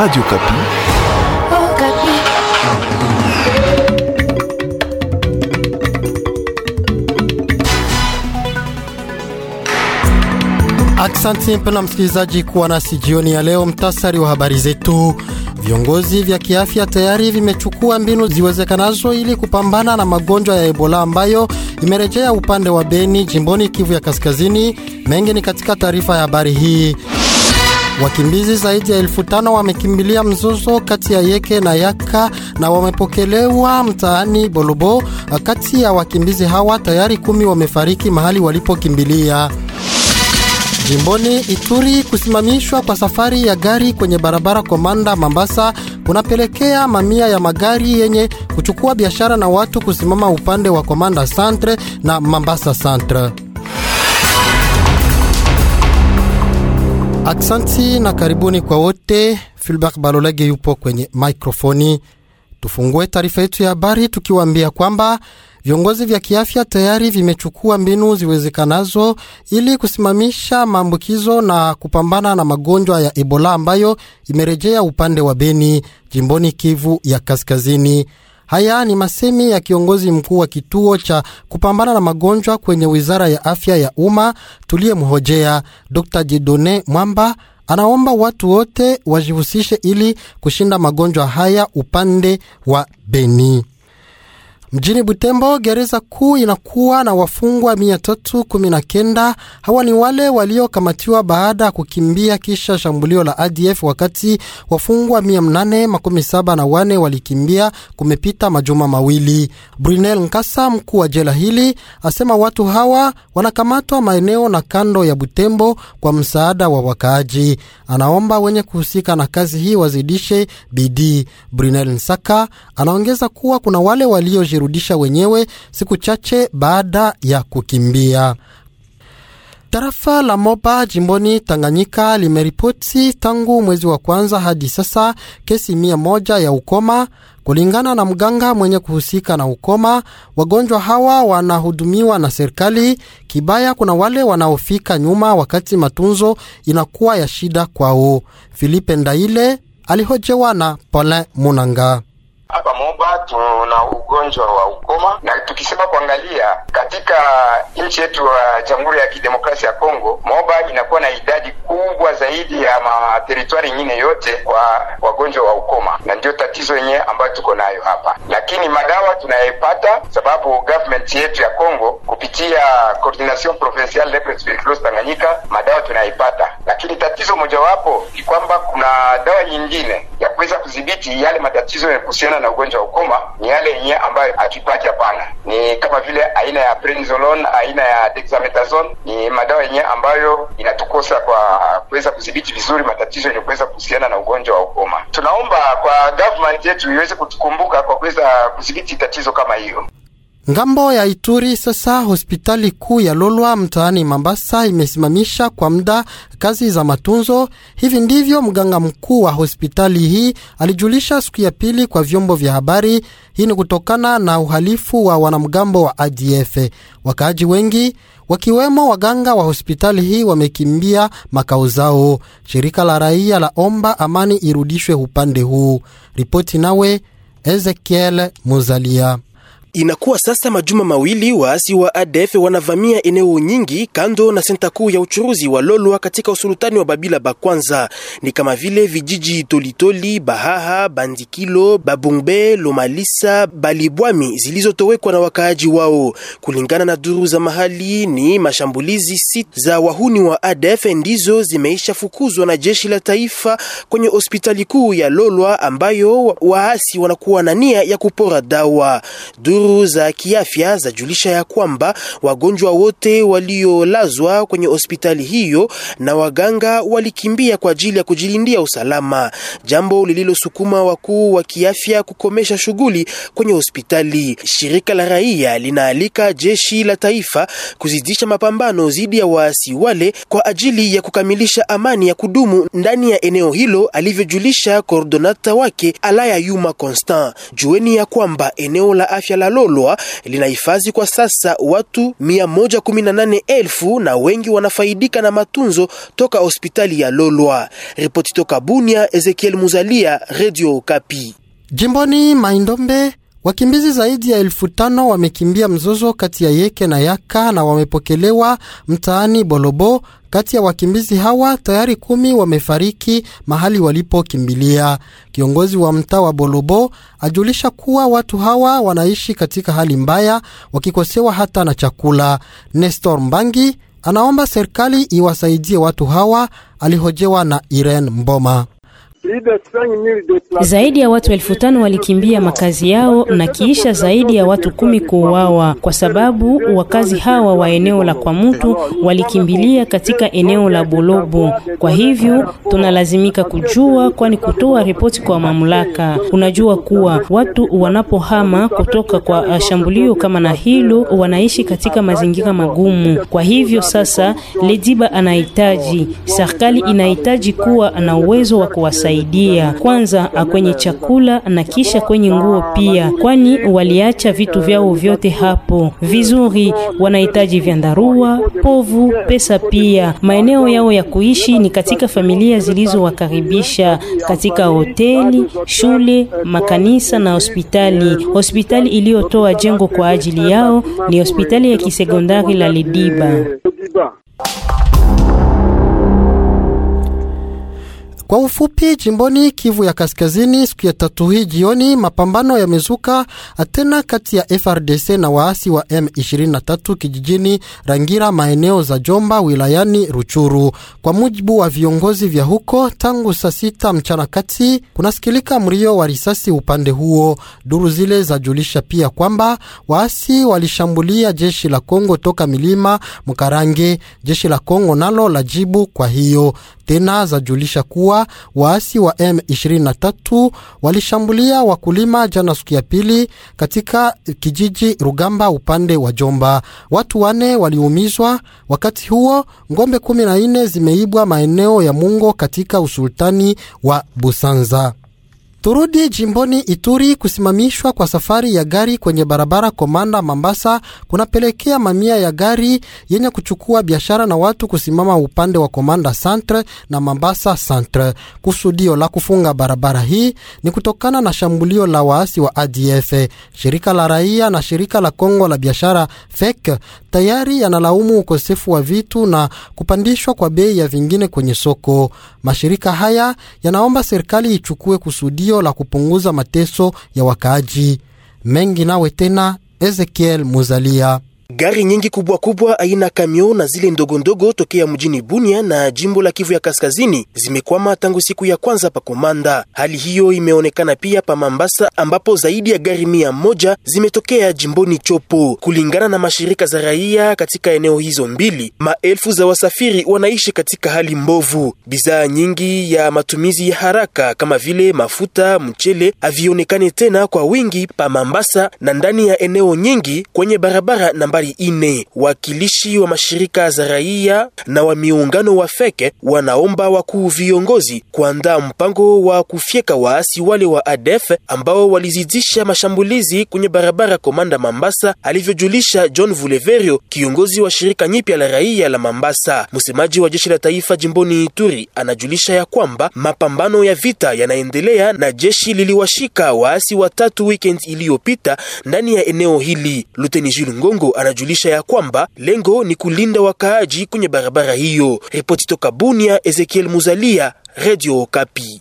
Radio Kapi. Oh, Kapi. Aksanti mpena msikilizaji kuwa nasi jioni ya leo. Mtasari wa habari zetu. Viongozi vya kiafya tayari vimechukua mbinu ziwezekanazo ili kupambana na magonjwa ya Ebola ambayo imerejea upande wa Beni, jimboni Kivu ya Kaskazini. Mengi ni katika taarifa ya habari hii. Wakimbizi zaidi ya elfu tano wamekimbilia mzozo kati ya Yeke na Yaka na wamepokelewa mtaani Bolobo. Kati ya wakimbizi hawa tayari kumi wamefariki mahali walipokimbilia. Jimboni Ituri, kusimamishwa kwa safari ya gari kwenye barabara Komanda Mambasa kunapelekea mamia ya magari yenye kuchukua biashara na watu kusimama upande wa Komanda Centre na Mambasa Centre. Aksanti na karibuni kwa wote. Filbert Balolege yupo kwenye mikrofoni. Tufungue taarifa yetu ya habari tukiwaambia kwamba viongozi vya kiafya tayari vimechukua mbinu ziwezekanazo ili kusimamisha maambukizo na kupambana na magonjwa ya Ebola ambayo imerejea upande wa Beni, jimboni Kivu ya Kaskazini. Haya ni masemi ya kiongozi mkuu wa kituo cha kupambana na magonjwa kwenye wizara ya afya ya umma tuliyemhojea, Dr Jedone Mwamba. Anaomba watu wote wajihusishe ili kushinda magonjwa haya upande wa Beni. Mjini Butembo, gereza kuu inakuwa na wafungwa 319. Hawa ni wale waliokamatiwa baada ya kukimbia kisha shambulio la ADF, wakati wafungwa wane walikimbia kumepita majuma mawili. Brunel Nkasa, mkuu wa jela hili, asema watu hawa wanakamatwa maeneo na kando ya Butembo kwa msaada wa wakaaji. Anaomba wenye kuhusika na kazi hii wazidishe bidii. Brunel Nsaka anaongeza kuwa kuna wale walio kujirudisha wenyewe siku chache baada ya kukimbia. Tarafa la Moba jimboni Tanganyika limeripoti tangu mwezi wa kwanza hadi sasa kesi mia moja ya ukoma. Kulingana na mganga mwenye kuhusika na ukoma, wagonjwa hawa wanahudumiwa na serikali. Kibaya kuna wale wanaofika nyuma wakati matunzo inakuwa ya shida kwao. Filipe Ndaile alihojewa na Paulin Munanga. Hapa Moba tuna ugonjwa wa ukoma, na tukisema kuangalia katika nchi yetu ya Jamhuri ya Kidemokrasia ya Kongo, Moba inakuwa na idadi kubwa zaidi ya materitwari nyingine yote kwa wagonjwa wa ukoma, na ndio tatizo yenyewe ambayo tuko nayo hapa, lakini madawa tunayepata sababu government yetu ya Kongo kupitia Coordination Provinciale de Tuberculoses Tanganyika, madawa tunayepata lakini tatizo mojawapo ni kwamba kuna dawa nyingine ya kuweza kudhibiti yale matatizo kuhusiana na ugonjwa wa ukoma, ni yale yenye ambayo hatupati hapana, ni kama vile aina ya prednisolone, aina ya dexamethasone, ni madawa yenye ambayo inatukosa kwa kuweza kudhibiti vizuri matatizo yenye kuweza kuhusiana na ugonjwa wa ukoma. Tunaomba kwa government yetu iweze kutukumbuka kwa kuweza kudhibiti tatizo kama hiyo. Ngambo ya Ituri sasa, hospitali kuu ya Lolwa mtaani Mambasa imesimamisha kwa muda kazi za matunzo. Hivi ndivyo mganga mkuu wa hospitali hii alijulisha siku ya pili kwa vyombo vya habari. Hii ni kutokana na uhalifu wa wanamgambo wa ADF. Wakaaji wengi wakiwemo waganga wa hospitali hii wamekimbia makao zao. Shirika la raia la omba amani irudishwe upande huu. Ripoti nawe Ezekiel Muzalia. Inakuwa sasa majuma mawili waasi wa ADF wanavamia eneo nyingi kando na senta kuu ya uchuruzi wa Lolwa katika usultani wa Babila Bakwanza, ni kama vile vijiji Tolitoli, Bahaha, Bandikilo, babumbe Lomalisa, Balibwami zilizotowekwa na wakaaji wao. Kulingana na duru za mahali, ni mashambulizi sita za wahuni wa ADF ndizo zimeisha fukuzwa na jeshi la taifa kwenye hospitali kuu ya Lolwa ambayo waasi wanakuwa na nia ya kupora dawa duru duru za kiafya zajulisha ya kwamba wagonjwa wote waliolazwa kwenye hospitali hiyo na waganga walikimbia kwa ajili ya kujilindia usalama, jambo lililosukuma wakuu wa kiafya kukomesha shughuli kwenye hospitali. Shirika la raia linaalika jeshi la taifa kuzidisha mapambano dhidi ya waasi wale kwa ajili ya kukamilisha amani ya kudumu ndani ya eneo hilo, alivyojulisha kordonata wake Alaya Yuma Constant. Jueni ya kwamba eneo la afya la la Lolwa linahifadhi kwa sasa watu 118,000 na wengi wanafaidika na matunzo toka hospitali ya Lolwa. Ripoti toka Bunia, Ezekiel Muzalia, Radio kapi Jimboni Maindombe Wakimbizi zaidi ya elfu tano wamekimbia mzozo kati ya Yeke na Yaka na wamepokelewa mtaani Bolobo. Kati ya wakimbizi hawa tayari kumi wamefariki mahali walipokimbilia. Kiongozi wa mtaa wa Bolobo ajulisha kuwa watu hawa wanaishi katika hali mbaya, wakikosewa hata na chakula. Nestor Mbangi anaomba serikali iwasaidie watu hawa. Alihojewa na Irene Mboma. Zaidi ya watu elfu tano walikimbia makazi yao na kiisha zaidi ya watu kumi kuuawa, kwa sababu wakazi hawa wa eneo la kwa mutu walikimbilia katika eneo la Bolobo. Kwa hivyo tunalazimika kujua, kwani kutoa ripoti kwa mamlaka. Unajua kuwa watu wanapohama kutoka kwa uh, shambulio kama na hilo, wanaishi katika mazingira magumu. Kwa hivyo sasa, Lediba anahitaji serikali, inahitaji kuwa na uwezo wa kuwasaidia kusaidia kwanza kwenye chakula na kisha kwenye nguo pia, kwani waliacha vitu vyao vyote hapo vizuri. Wanahitaji vyandarua, povu, pesa pia. Maeneo yao ya kuishi ni katika familia zilizowakaribisha katika hoteli, shule, makanisa na hospitali. Hospitali iliyotoa jengo kwa ajili yao ni hospitali ya kisekondari la Lidiba. Kwa ufupi, jimboni Kivu ya Kaskazini, siku ya tatu hii jioni, mapambano yamezuka tena kati ya FRDC na waasi wa M23 kijijini Rangira, maeneo za Jomba wilayani Ruchuru. Kwa mujibu wa viongozi vya huko, tangu saa sita mchana kati kunasikilika mrio wa risasi upande huo. Duru zile zajulisha pia kwamba waasi walishambulia jeshi la Kongo toka milima Mkarange. Jeshi la Kongo nalo lajibu kwa hiyo, tena zajulisha kuwa waasi wa M23 walishambulia wakulima jana siku ya pili katika kijiji Rugamba upande wa Jomba. Watu wane waliumizwa. Wakati huo ngombe 14 zimeibwa maeneo ya Mungo katika usultani wa Busanza. Turudi jimboni Ituri. Kusimamishwa kwa safari ya gari kwenye barabara Komanda Mambasa kunapelekea mamia ya gari yenye kuchukua biashara na watu kusimama upande wa Komanda Centre na Mambasa Centre. Kusudio la kufunga barabara hii ni kutokana na shambulio la waasi wa ADF. Shirika la raia na shirika la Kongo la biashara FEC tayari yanalaumu ukosefu wa vitu na kupandishwa kwa bei ya vingine kwenye soko. Mashirika haya yanaomba serikali ichukue kusudio jaribio la kupunguza mateso ya wakaaji mengi. Nawe tena Ezekiel Muzalia. Gari nyingi kubwa kubwa aina kamio na zile ndogo ndogo tokea mjini Bunia na jimbo la Kivu ya Kaskazini zimekwama tangu siku ya kwanza pa Komanda. Hali hiyo imeonekana pia pa Mambasa ambapo zaidi ya gari mia moja zimetokea jimboni Chopo. Kulingana na mashirika za raia katika eneo hizo mbili, maelfu za wasafiri wanaishi katika hali mbovu. Bidhaa nyingi ya matumizi ya haraka kama vile mafuta, mchele havionekani tena kwa wingi pa Mambasa na ndani ya eneo nyingi kwenye barabara namba nambari ine. Wakilishi wa mashirika za raia na wa miungano wa feke wanaomba wakuu viongozi kuandaa mpango wa kufyeka waasi wale wa ADF ambao walizidisha mashambulizi kwenye barabara Komanda Mambasa, alivyojulisha John Vuleverio, kiongozi wa shirika nyipya la raia la Mambasa. Msemaji wa jeshi la taifa jimboni Ituri anajulisha ya kwamba mapambano ya vita yanaendelea na jeshi liliwashika waasi watatu weekend iliyopita ndani ya eneo hili. Luteni Jules Ngongo anajulisha ya kwamba lengo ni kulinda wakaaji kwenye barabara hiyo. Ripoti toka Bunia, Ezekiel Muzalia, Radio Okapi.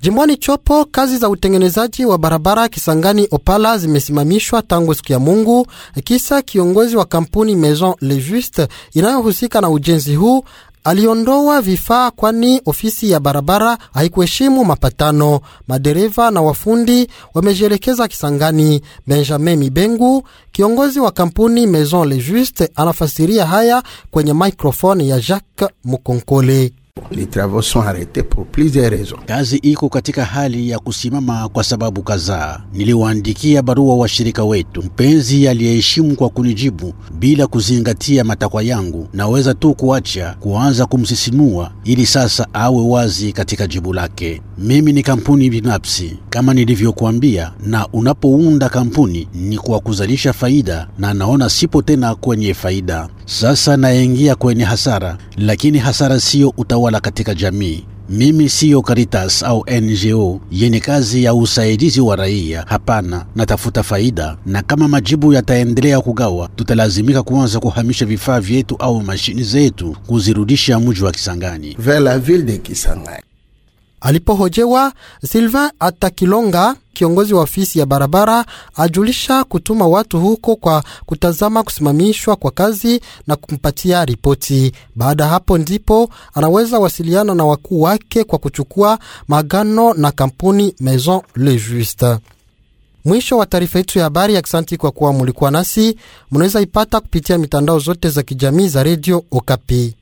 Jimbwani Chopo, kazi za utengenezaji wa barabara Kisangani Opala zimesimamishwa tangu siku ya Mungu, kisa kiongozi wa kampuni Maison Le Juste inayohusika na ujenzi huu aliondoa vifaa, kwani ofisi ya barabara haikuheshimu mapatano. Madereva na wafundi wamejielekeza Kisangani. Benjamin Mibengu, kiongozi wa kampuni Maison Le Juste, anafasiria haya kwenye microfone ya Jacques Mukonkole. Les travaux sont arrêtés pour plusieurs raisons. Kazi iko katika hali ya kusimama kwa sababu kadhaa. Niliwaandikia barua washirika wetu. Mpenzi aliyeheshimu kwa kunijibu bila kuzingatia matakwa yangu, naweza tu kuacha kuanza kumsisimua ili sasa awe wazi katika jibu lake. Mimi ni kampuni binafsi kama nilivyokuambia, na unapounda kampuni ni kwa kuzalisha faida, na naona sipo tena kwenye faida. Sasa naingia kwenye hasara, lakini hasara siyo utawala katika jamii. Mimi siyo karitas au NGO yenye kazi ya usaidizi wa raia. Hapana, natafuta faida, na kama majibu yataendelea kugawa, tutalazimika kuanza kuhamisha vifaa vyetu au mashini zetu kuzirudisha mji wa Kisangani, vers la ville de Kisangani. Alipohojewa, Sylvain Atakilonga, kiongozi wa ofisi ya barabara, ajulisha kutuma watu huko kwa kutazama kusimamishwa kwa kazi na kumpatia ripoti. Baada hapo ndipo anaweza wasiliana na wakuu wake kwa kuchukua magano na kampuni Maison Le Juste. Mwisho wa taarifa yetu ya habari. Aksanti kwa kuwa mulikuwa nasi. Munaweza ipata kupitia mitandao zote za kijamii za redio Okapi.